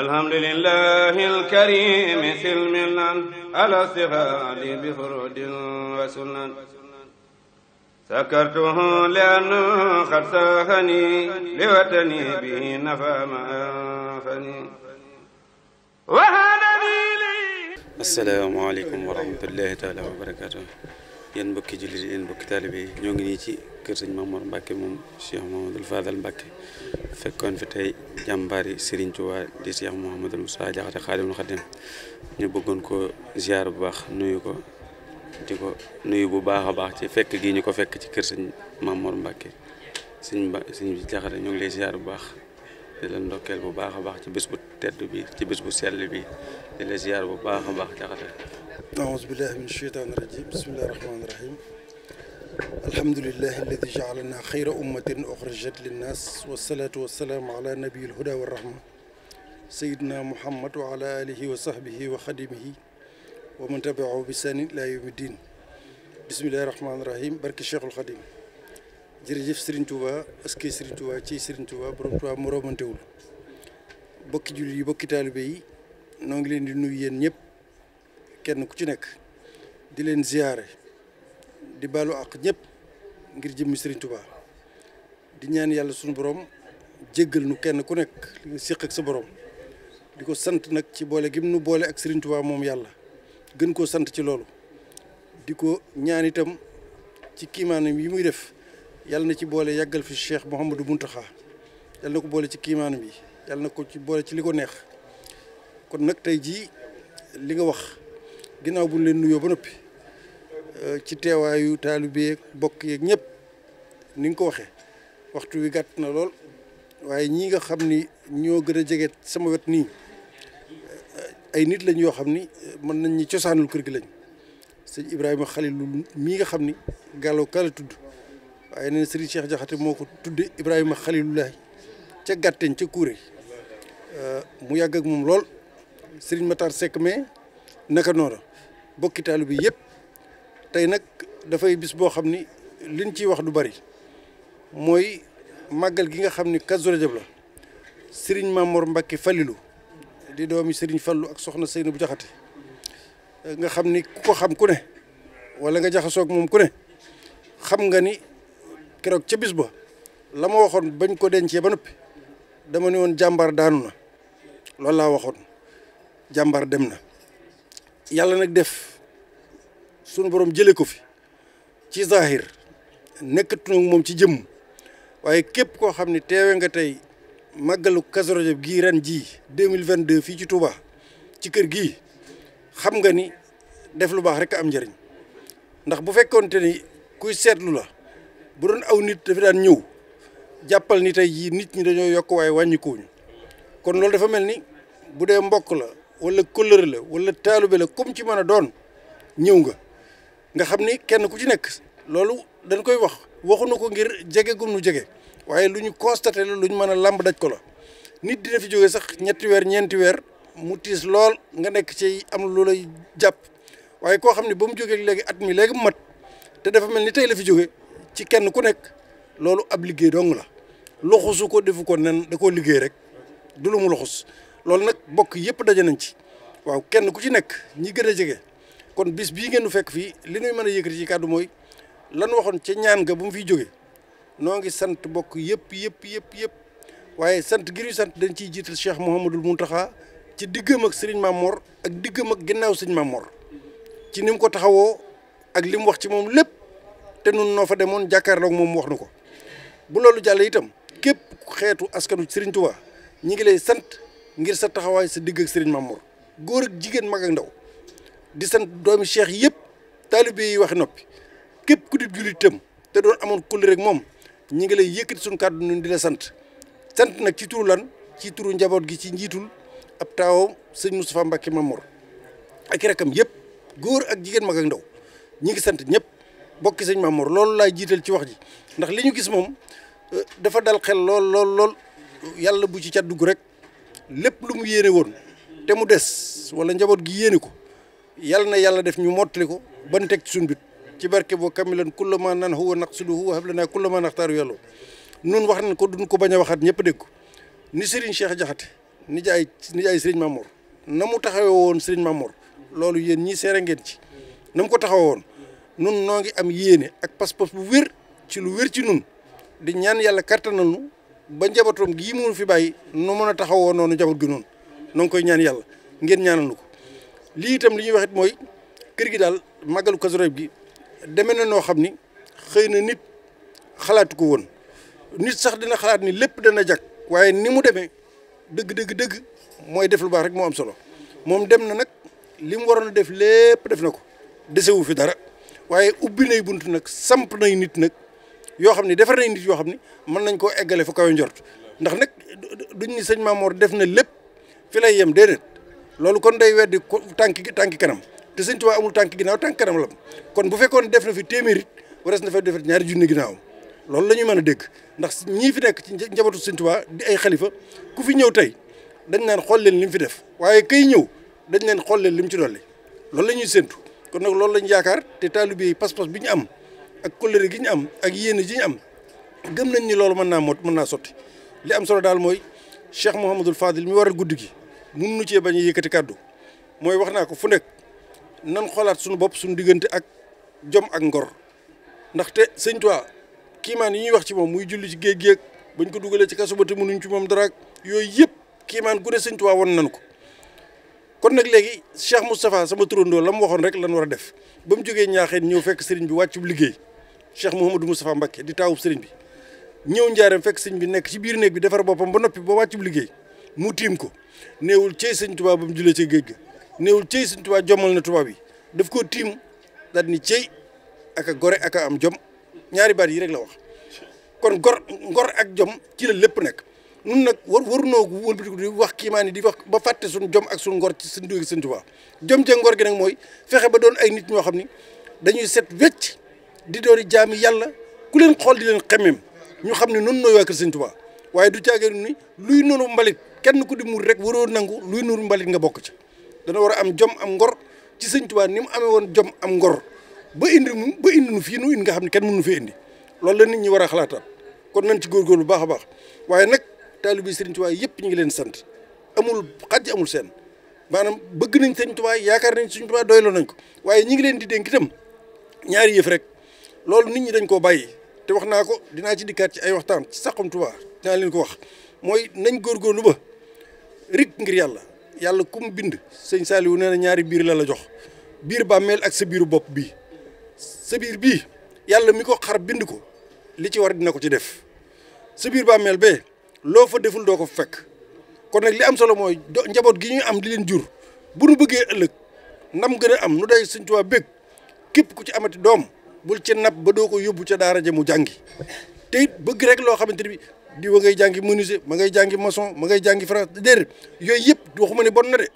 alhamdulillahi alkarimi silmilan alastifad bifurud wa sunan سكرته لأنه قد ساهني لوطني به نفى ما أنفني وهذا لي السلام عليكم ورحمة الله تعالى وبركاته yéen mbokki jullit yéen mbokki taalibe yi ñoo ngi nii ci kër sëñ Mamour Mbacke moom Cheikh Mouhamadoul Fadal Mbacke fekkoon fi tey jàmbaari Serigne Touba di Cheikh Mouhamadoul Moussa Diakhaté Khadimul Khadim ñu bëggoon ko ziar bu baax nuyu ko di ko nuyu bu baax a baax ci fekk gi ñu ko fekk ci kër sëñ Mamour Mbacke sëñ ba sëñ Diakhaté ñoo ngi lay ziar bu baax. di la ndokkeel bu baax a baax ci bés bu tedd bi ci bés bu sell bi di la ziar bu baax a baax jaxate aouzu billahi min sheytaani rajim bismillahi rahmaani rahim alhamdulilahi alladi jaalana xayra ummatin oxrajat linnas wasalaatu wasalaamu ala nabiyil huda wa rahma sayidna muhammad wa ala alihi wa sahbihi wa xadimihi wa man tabiahu bi sani ila yawmi din bismillahi rahmaani rahim barki cheikhul xadim jërëjëf Serigne Touba aski Serigne Touba ci Serigne Touba borom Touba mu romantewul bokki jullit yi bokki taalibe yi noo ngi leen di nuyu yéen ñëpp kenn ku ci nekk di leen ziyaare di baalu àq ñëpp ngir jëmmi Serigne Touba di ñaan yàlla suñu borom jéggal nu kenn ku nekk li ak sa borom di ko sant nag ci boole gim nu boole ak Serigne Touba moom yàlla gën koo sant ci loolu di ko ñaan itam ci kiimaanam yi muy def yàlla na ci boole yàggal fi Cheikh Mouhamadou Mountakha yàlla na ko boole ci kiimaan bi yàlla na ko ci boole ci li ko neex kon nag tey jii li nga wax ginnaaw bu leen nuyoo ba noppi euh, ci teewaayu taalibe yeeg bokk yeeg ñëpp ni nga ko waxee waxtu wi gàtt na lool waaye ñii nga xam ni ñoo gën a jege sama wet nii euh, ay nit lañ yoo xam ni euh, mën nañ cosaanul kër gi lañ sëñ Ibrahima Khalilou mii nga xam ni Gallo Ka tudd. waaye nee na Serigne Cheikh moo ko tudde Ibrahima Khalilullah ca gàtteñ ca Kouré euh, mu yàgg ak moom lool Serigne Matar Seck mais naka noora bokki taalibe bi yëpp tey nag dafay bis boo xam ni liñ ciy wax du bari mooy màggal gi nga xam ni Kazu Rajab la Serigne Mamor Mbacké Falilou di doomi Serigne Fallou ak soxna bu Diakhaté nga xam ni ku ko xam ku ne walla nga jaxasoog moom ku ne xam nga ni keroog ca bis ba la ma waxoon bañ ko dencee ba noppi dama ne woon jàmbaar daanu na loolu laa waxoon jàmbar dem na yàlla nag def sunu borom jëlee ko fi ci zahir nekkatuna moom ci jëmm waaye képp koo xam ne teewe nga tey màggalu Kazu gii ren jii deux mille vingt deux fii ci Touba ci kër gii xam nga ni def lu baax rek am njëriñ ndax bu fekkoonte ni kuy seetlu la. bu doon aw nit dafa daan ñëw jàppal ni tey jii nit ñi dañoo yokk waaye wàññikuwuñu kon loolu dafa mel ni bu dee mbokk la wala kóllëre la walla taalube la comme ci mën a doon ñëw nga nga xam ni kenn ku ci nekk loolu dañ koy wax waxu ko ngir jege gum nu jege waaye lu ñu constaté la lu ñu mën a làmb daj ko la nit dina fi jóge sax ñetti weer ñeenti weer mu tiis lool nga nekk ci am lu lay jàpp waaye koo xam ne ba mu jógee léegi at mi léegi mu mat te dafa mel ni tey la fi jóge ci kenn ku nekk loolu ab liggéey dong la loxusu ko defu ko nen da koo liggéey rek dulu mu loxus loolu nag bokk yëpp daje nañ ci waaw kenn ku ci nekk ñi gën a jege kon bis bii ngeen nu fekk fii li nuy mën a yëkkati ci kàddu mooy lan waxoon ca ñaan ga bu mu fiy jógee noo ngi sant bokk yëpp yëpp yëpp yëpp waaye sant gi sant dañ ciy jiital Cheikh Mouhamadul taxa ci diggam ak Serigne Mamor ak diggam ak ginnaaw Serigne Mamor ci nim ko taxawoo ak li mu wax ci moom lépp. te nun noo fa demoon jàkkaarloog moom wax nu ko bu loolu jàll itam képp xeetu askanu sëriñtuwa Touba ñi ngi lay sant ngir sa taxawaay sa digg sëriñ Serigne góor ak jigéen mag ndaw di sant doomi cheikh yëpp taalibe yi wax noppi képp ku di tam te doon amoon kulli rek moom ñi ngi lay yëkkati suñu kàddu nun sant sant nag ci lan ci turu njaboot gi ci njiitul ab taawam sëñ Moustapha Mbacke Mamour ak yëpp góor ak jigéen mag ndaw ñi ngi sant ñëpp bokki sëñ Mamour loolu laay jiital ci wax ji ndax li ñu gis moom euh, dafa dal xel lool lool lool yàlla bu ci cat dugg rek lépp lu mu yéene woon te mu des wala njaboot gi yéene ko yàlla na yàlla def ñu mottali ko ban teg ci suñu bit ci barke boo kamilan kullama nan huwa naqsuduhu wa hablana kullama naxtaaru yàlla nun wax nañ ko duñ ko bañ a waxaat ñëpp dégg ko ni Serigne Cheikh Diakhaté ni jaay ni jaay Serigne na mu taxawee woon Serigne Mamour loolu yéen ñii seere ngeen ci na ko taxawee woon nun noo ngi am yéene ak pas-pas bu wér ci lu wér ci nun di ñaan yàlla kattanal nu ba njabootam gii mu fi bàyyi nu mën a taxawoo noonu njaboot gi noonu noo koy ñaan yàlla ngeen ñaanal nu ko lii itam li ñuy wax mooy kër gi daal màggalu Kazu Rajab gi deme na noo xam ni xëy na nit xalaatu ko woon nit sax dina xalaat ni lépp dana jag waaye ni mu demee dëgg dëgg dëgg mooy def lu baax rek moo am solo moom dem na nag li mu waroon a def lépp def na ko desewu fi dara waaye ubbi nay bunt nag samp nay nit nag yoo xam ne defar nay nit yoo xam ne mën nañ koo eggale fu kawe njort ndax nag duñ ni sëñ Mamoor def na lépp fi lay yem déedéet loolu kon day weddi tànk gi tànk kanam te sëñ Tuubaa amul tànk ginaaw tànk kanam la kon bu fekkoon def na fi téeméer it warees na ñaari junni ginnaawam loolu la ñuy mën a dégg ndax ñii fi nekk ci njabootu sëñ Tuubaa di ay ku fi ñëw tey dañ naan xool leen li mu fi def waaye kay ñëw dañ leen xool leen li mu ci dolli loolu la ñuy séntu kon nag loolu lañ yaakaar te taalibe yi pas-pas bi ñu am ak kóllëre gi ñu am ak yéene ji ñu am gëm nañ ni loolu mën naa mot mën naa sotti li am solo daal mooy Cheikh Mouhamadul Fadil mi waral guddi gi mun nu cee bañ a yëkkati kàddu mooy wax naa ko fu nekk nan xoolaat suñu bopp suñu diggante ak jom ak ngor ndaxte sëñ Tuubaa kiimaan yi ñuy wax ci moom muy julli ci géej géej bañ ko dugalee ci kaso ba te mënuñ ci moom dara yooyu yëpp kiimaan gu ne sëñ Tuubaa won nan ko kon nag léegi Cheikh Moustapha sama turandoo la mu waxoon rek lan war a def ba mu jógee ñaaxeen ñëw fekk sëriñ bi wàccub liggéey Cheikh Mouhamadou Moustapha Mbacké di taawub sëriñ bi ñëw njaareem fekk sëriñ bi nekk ci biir néeg bi defar boppam ba noppi ba wàccub liggéey mu tiim ko néewul cey sëñ tubaab ba mu julee ci géej ga néewul cey sëñ Tuubaa jommal na Tuubaa bi daf koo tiim daal ni cey ak a gore ak a am jom ñaari baat yi rek la wax kon gor ngor ak jom ci la lépp nekk nun nag war warunoo wëlbatiku di wax kiimaan di wax ba fàtte suñu jom ak su ngor ci suñu dugg Sëñ Tuubaa jom ca ngor gi nag mooy fexe ba doon ay nit ñoo xam ni dañuy set wecc di doon jaami yàlla ku leen xool di leen xemmeem ñu xam ne noonu nooy waa kër Sëñ waaye du caagee ni luy noonu mbalit kenn ku di muur rek waroo nangu luy nuur mbalit nga bokk ci dana war a am jom am ngor ci Sëñ ni mu amee woon jom am ngor ba indi ba indi nu fii nu indi nga xam ne kenn mënu fi indi loolu la nit ñi war a xalaataan kon nañ ci góorgóorlu bu baax a baax waaye nag taalibe Sëriñ Tuubaa yëpp ñu ngi leen sant amul xaj amul seen maanaam bëgg nañ Sëriñ Tuubaa yaakaar nañ Sëriñ Tuubaa doyloo nañ ko waaye ñi ngi leen di dénk itam ñaari yëf rek loolu nit ñi dañ koo bàyyi te wax naa ko dinaa ci dikkaat ci ay waxtaan ci Saxum Touba dinaa leen ko wax mooy nañ góorgóorlu ba rik ngir yàlla yàlla ku mu bind sëñ Saliou nee na ñaari biir la la jox biir bàmmeel ak sa biiru bopp bii sa biir bii yàlla mi ko xar bind ko li ci war dina ko ci def sa biir bàmmeel bee loo fa deful doo ko fekk kon nag li am solo mooy njaboot gi ñu am di leen jur bu nu bëggee ëllëg ndam gën a am nu day Sëñ Tuubaa bëgg képp ku ci amati doom bul ci napp ba doo ko yóbbu ca daara ja mu jàngi tey it bëgg rek loo xamante ni di ma ngay jàngi mënuse ma ngay jàngi maçon ma ngay jàngi France déedéet yooyu yëpp waxuma ne bon na de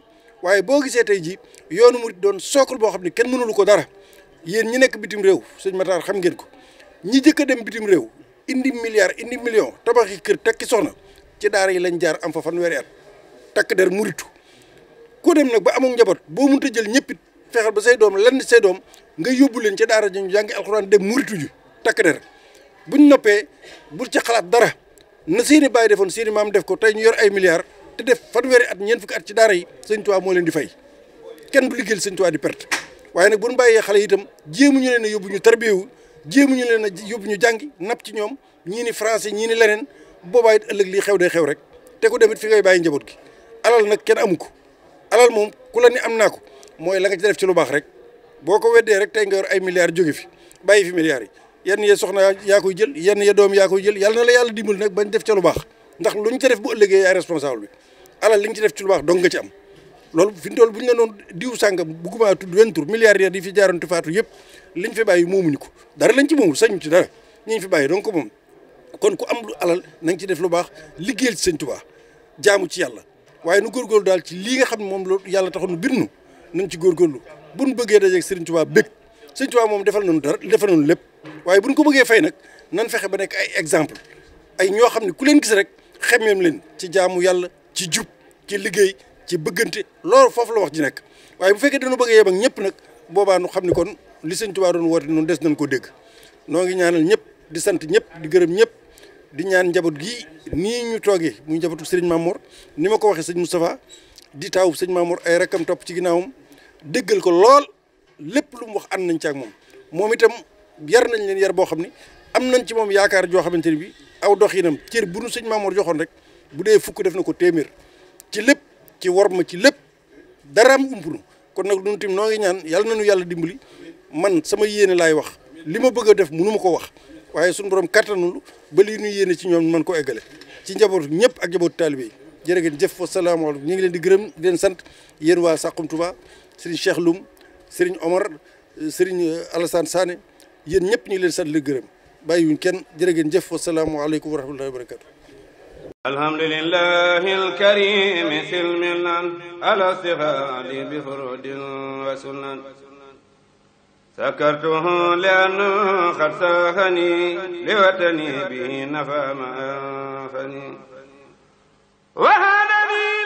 waaye boo gisee tey ji yoonu murit doon sookul boo xam ne kenn mënulu ko dara yéen ñi nekk bitim réew sëñ Matar xam ngeen ko ñi jëkk a dem bitim réew indi milliard indi million tabax yi kër takki soxna ci daara yi lañ jaar am fa fanweeri at takk der muritu koo dem nag ba amul njaboot boo mënut a jël ñëppit fexeel ba say doom lenn say doom nga yóbbu leen ca daara ji ñu dem muritu ju takk der noppee bul ci xalaat dara na seeni bàyyi defoon seeni maam def ko tey ñu yor ay milliards te def fanweeri at ñeent fukki ci daara yi sëñ Tuubaa moo leen di fay kenn du liggéeyal sëñ Tuubaa di perte waaye nag bu ñu bàyyee xale yi itam jéemu ñu leen a yóbbu ñu tarbiyewu ñu leen a yóbbu ñu jàngi nap ci ñoom ñii ni français ñii ni leneen boobaa it ëllëg lii xew day xew rek te ku demit fi ngay bàyyi njaboot gi alal nag kenn amu ko alal moom ku la ni am naa ko mooy la nga ci def ci lu baax rek boo ko weddee rek te nga yor ay milliards jóge fi bàyyi fi milliards yi yenn yee soxna yaa koy jël yenn yee doom yaa koy jël yàlla na la yàlla dimbali nag bañ def ca lu baax ndax luñ ca def bu ëllëgee yaay responsable bi alal li nga ci def ci lu baax nga ci am loolu fi ñu bu ñu la noon diw sàngam bugguma tudd wenn tur milliardaire yi fi jaaroon te faatu yëpp liñ fi bàyyi moomuñu ko dara lañ ci moomul sañu ci dara ñiñ fi bàyyi donc moom kon ku am lu alal na ci def lu baax liggéeyal ci sëñ Tuubaa ci yàlla waaye nu góorgóorlu daal ci lii nga xam ne moom la yàlla taxoon bir nu nañ ci góorgóorlu bu nu bëggee dajeeg sëriñ Tuubaa bëgg sëriñ Tuubaa moom defal nañu dara defal nañu lépp waaye bu ñu ko bëggee fay nag nan fexe ba nekk ay exemple ay ñoo xam ne ku leen gis rek xemeem leen ci jaamu yàlla ci jub ci liggéey ci bëggante loolu foofu la wax ji nekk waaye bu fekkee dañu bëgg a yem ak ñëpp nag boobaa nu xam ni kon li sëñ Tuubaa doon woote noonu des nañ ko dégg noo ngi ñaanal ñëpp di sant ñëpp di gërëm ñëpp di ñaan njaboot gi nii ñu toogee muy njabootu sëriñ Mamour ni ma ko waxee sëñ Moustapha di taawu sëñ Mamour ay rekkam topp ci ginnaawam déggal ko lool lépp lu mu wax ànd nañ ci moom moom itam yar nañ leen yar boo xam ne am nañ ci moom yaakaar joo xamante ne bi aw doxinam cër bu nu sëñ Mamour joxoon rek bu dee fukk def na ko téeméer ci lépp ci war ma ci lépp dara am umpunu kon nag ñun tamit noo ngi ñaan yàlla nañu yàlla dimbali man sama yéene laay wax li ma bëgg a def mënu ma ko wax waaye suñu borom kattanul ba lii ñuy yéene ci ñoom man ko eggale ci njabootu ñëpp ak njabootu taalibe yi jërë ngeen jëf wa salaamaaleykum ñu ngi leen di gërëm di sant yéen waa Saxum Touba sëriñ Cheikh Loum sëriñ Omar sëriñ Alassane Sané yéen ñëpp ñu leen sant di gërëm bàyyi wuñ kenn jërë ngeen jëf wa salaamaaleykum wa rahmatullahi wa barakatu alhamdulilah alkarimi silmilan alastihali bi furudin wa sunan sakartuhu liannu xad saxani li watani bi nafa ma fani wahadani